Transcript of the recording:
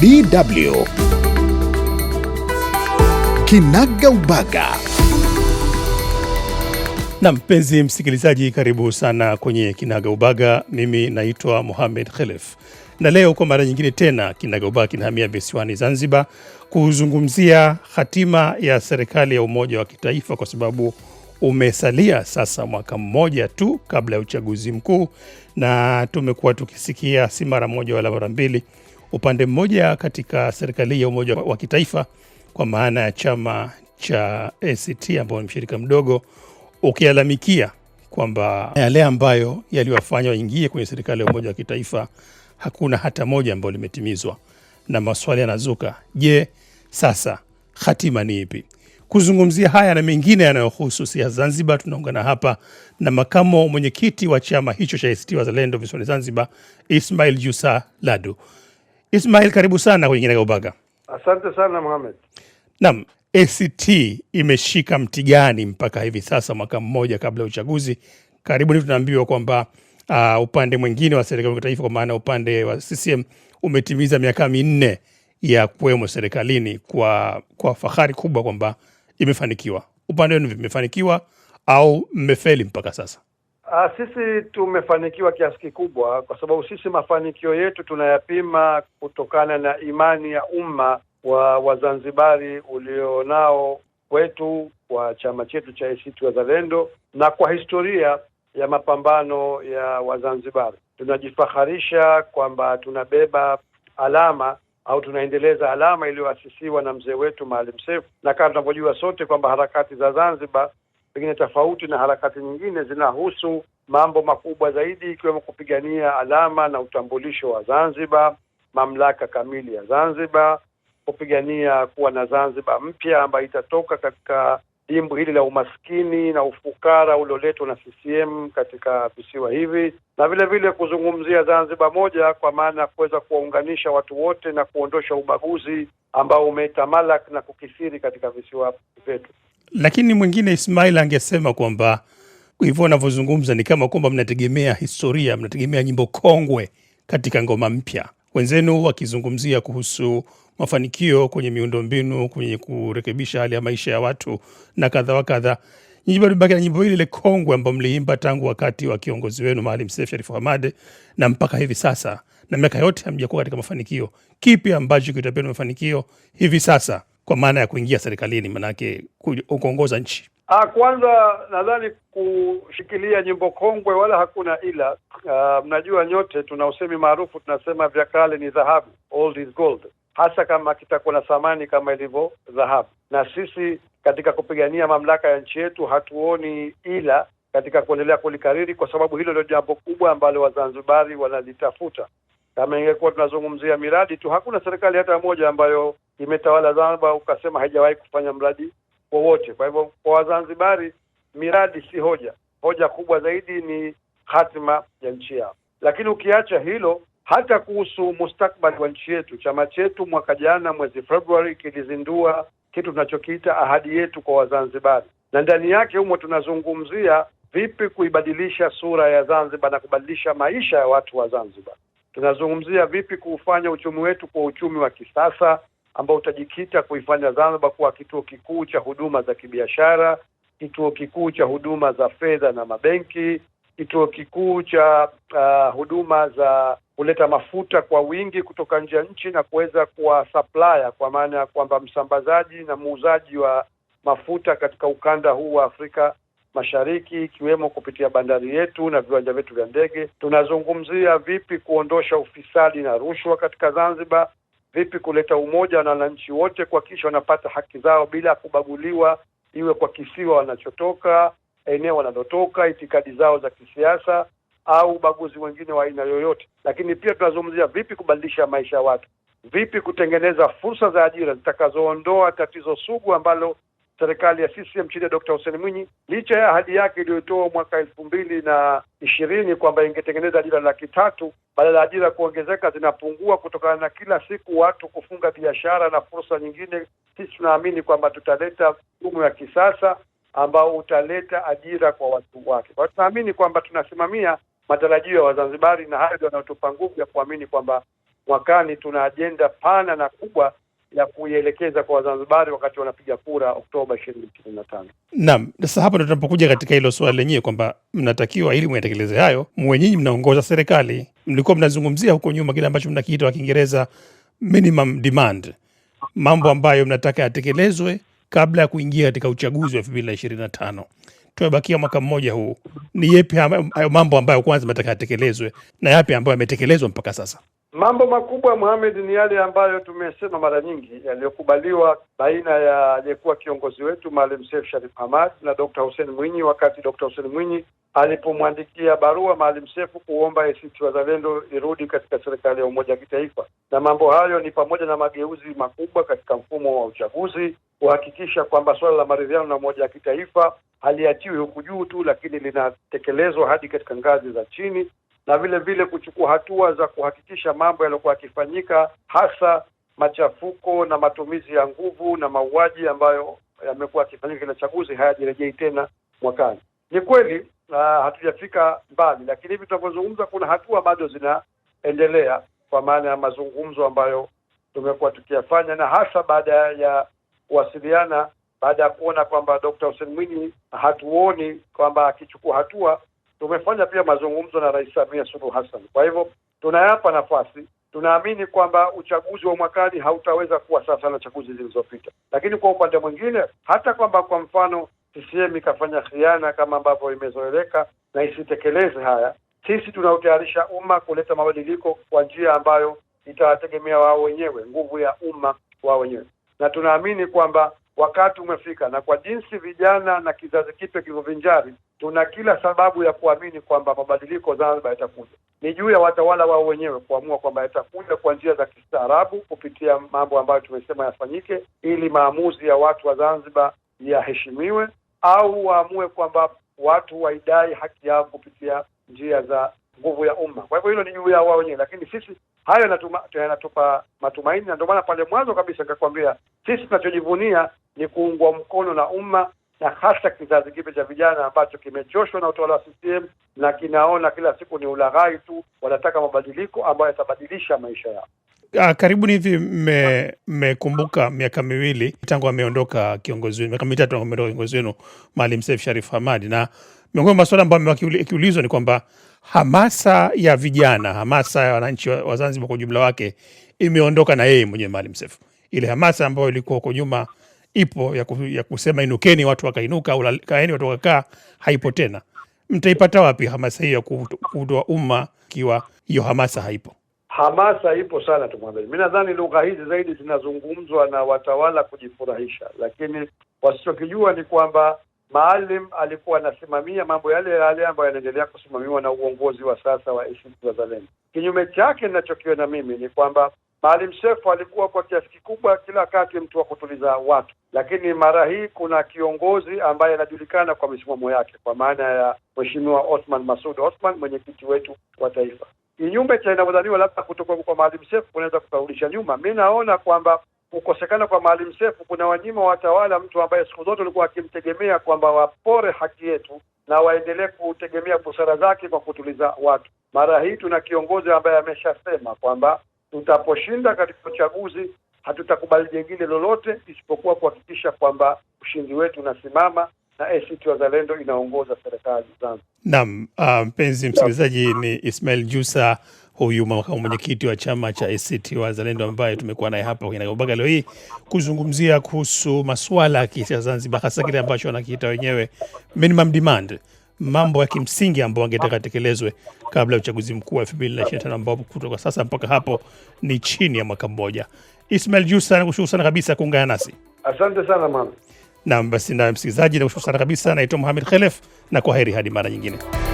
DW Kinaga Ubaga. Na mpenzi msikilizaji, karibu sana kwenye Kinaga Ubaga. Mimi naitwa Mohamed Khelef, na leo kwa mara nyingine tena Kinaga Ubaga kinahamia visiwani Zanzibar kuzungumzia hatima ya serikali ya umoja wa kitaifa, kwa sababu umesalia sasa mwaka mmoja tu kabla ya uchaguzi mkuu, na tumekuwa tukisikia si mara moja wala mara mbili upande mmoja katika serikali ya umoja wa kitaifa kwa maana ya chama cha ACT ambao ni mshirika mdogo ukilalamikia kwamba yale ambayo yaliwafanya waingie kwenye serikali ya umoja wa kitaifa hakuna hata moja ambayo limetimizwa, na maswali yanazuka. Je, sasa hatima ni ipi? Kuzungumzia haya na mengine yanayohusu siasa Zanzibar, tunaungana hapa na makamo mwenyekiti wa chama hicho cha ACT Wazalendo visiwani Zanzibar, Ismail jusa Ladu. Ismail, karibu sana kwenye Kinagaubaga. Asante sana Mohamed. Naam, ACT imeshika mti gani mpaka hivi sasa, mwaka mmoja kabla ya uchaguzi? Karibuni tunaambiwa kwamba uh, upande mwingine wa serikali ya taifa, kwa maana upande wa CCM umetimiza miaka minne ya kuwemo serikalini kwa, kwa fahari kubwa kwamba imefanikiwa. Upande wenu vimefanikiwa au mmefeli mpaka sasa? Ah, sisi tumefanikiwa kiasi kikubwa, kwa sababu sisi mafanikio yetu tunayapima kutokana na imani ya umma wa Wazanzibari ulionao kwetu, kwa chama chetu cha ACT Wazalendo na kwa historia ya mapambano ya Wazanzibari. Tunajifaharisha kwamba tunabeba alama au tunaendeleza alama iliyoasisiwa na mzee wetu Maalim Seif, na kama tunavyojua sote kwamba harakati za Zanzibar pengine tofauti na harakati nyingine, zinahusu mambo makubwa zaidi, ikiwemo kupigania alama na utambulisho wa Zanzibar, mamlaka kamili ya Zanzibar, kupigania kuwa na Zanzibar mpya ambayo itatoka katika dimbu hili la umaskini na ufukara ulioletwa na CCM katika visiwa hivi, na vile vile kuzungumzia Zanzibar moja kwa maana ya kuweza kuwaunganisha watu wote na kuondosha ubaguzi ambao umetamalak na kukisiri katika visiwa vyetu. Lakini mwingine Ismail angesema kwamba hivyo wanavyozungumza ni kama kwamba mnategemea historia, mnategemea nyimbo kongwe katika ngoma mpya. Wenzenu wakizungumzia kuhusu mafanikio kwenye miundombinu, kwenye kurekebisha hali ya maisha ya watu na kadha wa kadha, nyinyi bado mbaki na nyimbo ile ile kongwe ambayo mliimba tangu wakati wa kiongozi wenu Maalim Seif Sharif Hamad na mpaka hivi sasa, na miaka yote hamjakuwa katika mafanikio. Kipi ambacho kitapenda mafanikio hivi sasa? kwa maana ya kuingia serikalini, manake kuongoza nchi? Ah, kwanza nadhani kushikilia nyimbo kongwe wala hakuna ila. uh, mnajua nyote tuna usemi maarufu tunasema, vya kale ni dhahabu, old is gold, hasa kama kitakuwa na thamani kama ilivyo dhahabu. Na sisi katika kupigania mamlaka ya nchi yetu hatuoni ila katika kuendelea kulikariri, kwa sababu hilo ndio jambo kubwa ambalo Wazanzibari wanalitafuta. Kama ingekuwa tunazungumzia miradi tu, hakuna serikali hata moja ambayo imetawala Zanzibar, ukasema haijawahi kufanya mradi wowote. Kwa hivyo, kwa Wazanzibari miradi si hoja, hoja kubwa zaidi ni hatima ya nchi yao. Lakini ukiacha hilo, hata kuhusu mustakbali wa nchi yetu, chama chetu mwaka jana mwezi Februari kilizindua kitu tunachokiita ahadi yetu kwa Wazanzibari, na ndani yake humo tunazungumzia vipi kuibadilisha sura ya Zanzibar na kubadilisha maisha ya watu wa Zanzibar. Tunazungumzia vipi kuufanya uchumi wetu kwa uchumi wa kisasa ambao utajikita kuifanya Zanzibar kuwa kituo kikuu cha huduma za kibiashara, kituo kikuu cha huduma za fedha na mabenki, kituo kikuu cha uh, huduma za kuleta mafuta kwa wingi kutoka nje ya nchi na kuweza kuwa supplier, kwa maana ya kwamba msambazaji na muuzaji wa mafuta katika ukanda huu wa Afrika Mashariki ikiwemo kupitia bandari yetu na viwanja vyetu vya ndege. Tunazungumzia vipi kuondosha ufisadi na rushwa katika Zanzibar vipi kuleta umoja na wananchi wote kuhakikisha wanapata haki zao bila kubaguliwa, iwe kwa kisiwa wanachotoka, eneo wanalotoka, itikadi zao za kisiasa au ubaguzi wengine wa aina yoyote. Lakini pia tunazungumzia vipi kubadilisha maisha ya watu, vipi kutengeneza fursa za ajira zitakazoondoa tatizo sugu ambalo serikali ya CCM chini ya Dkt. Hussein Mwinyi, licha ya ahadi yake iliyotoa mwaka elfu mbili na ishirini kwamba ingetengeneza ajira laki tatu, badala ya ajira kuongezeka zinapungua kutokana na kila siku watu kufunga biashara na fursa nyingine. Sisi tunaamini kwamba tutaleta mfumo ya kisasa ambao utaleta ajira kwa watu wake. Kwa hiyo tunaamini kwamba tunasimamia matarajio ya Wazanzibari na hayo ndio yanayotupa nguvu ya kuamini kwamba mwakani tuna ajenda pana na kubwa ya kuielekeza kwa Wazanzibari wakati wanapiga kura Oktoba ishirini na tano. Naam, sasa hapo ndo tunapokuja katika hilo swali lenyewe kwamba mnatakiwa ili muyatekeleze hayo, muwe nyinyi mnaongoza serikali. Mlikuwa mnazungumzia huko nyuma kile ambacho mnakiita kwa Kiingereza minimum demand, mambo ambayo mnataka yatekelezwe kabla ya kuingia katika uchaguzi wa elfu mbili na ishirini na tano. Tumebakia mwaka mmoja huu, ni yepi hayo mambo ambayo kwanza mnataka yatekelezwe na yapi ambayo yametekelezwa mpaka sasa? Mambo makubwa Mohamed, ni yale ambayo tumesema mara nyingi yaliyokubaliwa baina ya aliyekuwa kiongozi wetu Maalim Seif Sharif Hamad na Dr. Hussein Mwinyi, wakati Dr. Hussein Mwinyi alipomwandikia barua Maalim Seif kuomba ACT Wazalendo irudi katika serikali ya umoja wa kitaifa. Na mambo hayo ni pamoja na mageuzi makubwa katika mfumo wa uchaguzi, kuhakikisha kwamba suala la maridhiano na umoja wa kitaifa haliachiwi huku juu tu, lakini linatekelezwa hadi katika ngazi za chini na vile vile kuchukua hatua za kuhakikisha mambo yaliyokuwa yakifanyika hasa machafuko na matumizi ya nguvu na mauaji ambayo yamekuwa yakifanyika kila chaguzi hayajirejei tena mwakani. Ni kweli ah, hatujafika mbali, lakini hivi tunavyozungumza kuna hatua bado zinaendelea kwa maana ya mazungumzo ambayo tumekuwa tukiyafanya na hasa baada ya kuwasiliana, baada ya kuona kwamba d Hussein Mwinyi hatuoni kwamba akichukua hatua tumefanya pia mazungumzo na Rais Samia Suluhu Hassan. Kwa hivyo tunayapa nafasi, tunaamini kwamba uchaguzi wa mwakani hautaweza kuwa sasa na chaguzi zilizopita, lakini kwa upande mwingine hata kwamba kwa mfano CCM ikafanya khiana kama ambavyo imezoeleka na isitekeleze haya, sisi tunautayarisha umma kuleta mabadiliko kwa njia ambayo itawategemea wao wenyewe, nguvu ya umma wao wenyewe, na tunaamini kwamba wakati umefika, na kwa jinsi vijana na kizazi kipya kilivyovinjari, tuna kila sababu ya kuamini kwamba mabadiliko Zanzibar yatakuja. Ni juu ya watawala wao wenyewe kuamua kwamba yatakuja kwa njia za kistaarabu, kupitia mambo ambayo tumesema yafanyike, ili maamuzi ya watu wa Zanzibar yaheshimiwe, au waamue kwamba watu waidai haki yao kupitia njia za nguvu ya umma. Kwa hivyo hilo ni juu yao wenyewe, lakini sisi hayo yanatupa matumaini, na ndio maana pale mwanzo kabisa nikakwambia sisi tunachojivunia ni kuungwa mkono na umma na hasa kizazi kipya cha vijana ambacho kimechoshwa na utawala wa CCM na kinaona kila siku ni ulaghai tu. Wanataka mabadiliko ambayo yatabadilisha maisha yao. Ah, karibuni hivi mmekumbuka miaka miwili tangu ameondoka kiongozi wenu, miaka mitatu ameondoka kiongozi wenu Maalim Seif Sharif Hamad na miongoni mwa masuala ambayo yakiulizwa ni kwamba hamasa ya vijana, hamasa ya wananchi wa Zanzibar kwa ujumla wake imeondoka na yeye mwenyewe Maalim Seif. Ile hamasa ambayo ilikuwa huko nyuma ipo ya kusema inukeni watu wakainuka, au kaeni watu wakakaa, haipo tena. Mtaipata wapi hamasa hiyo ya kuutoa umma ikiwa hiyo hamasa haipo? Hamasa ipo sana tu mi nadhani lugha hizi zaidi zinazungumzwa na watawala kujifurahisha, lakini wasichokijua ni kwamba Maalim alikuwa anasimamia mambo yale yale ambayo yanaendelea kusimamiwa na uongozi wa sasa wa ACT Wazalendo. Kinyume chake ninachokiona mimi ni kwamba Maalim Seif alikuwa kwa kiasi kikubwa kila wakati mtu wa kutuliza watu, lakini mara hii kuna kiongozi ambaye anajulikana kwa misimamo yake, kwa maana ya Mheshimiwa Othman masud Othman, mwenyekiti wetu wa taifa. Kinyume cha inavyodhaniwa labda kutoka kwa Maalim Seif kunaweza kukarudisha nyuma, mi naona kwamba kukosekana kwa Maalim Seif kuna wanyima watawala mtu ambaye siku zote walikuwa akimtegemea kwamba wapore haki yetu na waendelee kutegemea busara zake kwa kutuliza watu. Mara hii tuna kiongozi ambaye ameshasema kwamba tutaposhinda katika uchaguzi hatutakubali jengine lolote isipokuwa kuhakikisha kwamba ushindi wetu unasimama na ACT Wazalendo inaongoza serikali Zanzibar. Naam, ah, mpenzi um, msikilizaji ni Ismail Jusa huyu mwenyekiti wa chama cha ACT Wazalendo ambaye tumekuwa naye hapa mpaka leo hii kuzungumzia kuhusu masuala ya kisiasa Zanzibar, hasa kile ambacho wanakiita wenyewe minimum demand, mambo ya kimsingi ambayo wangetaka tekelezwe kabla ya uchaguzi mkuu wa 2025 ambao kutoka sasa mpaka hapo ni chini ya mwaka mmoja. Ismail Jussa, nakushukuru sana kabisa kuungana nasi. Asante sana mama. Naam, basi na msikilizaji, nakushukuru sana kabisa. Naitwa Mohamed Khelef na kwa heri hadi mara nyingine.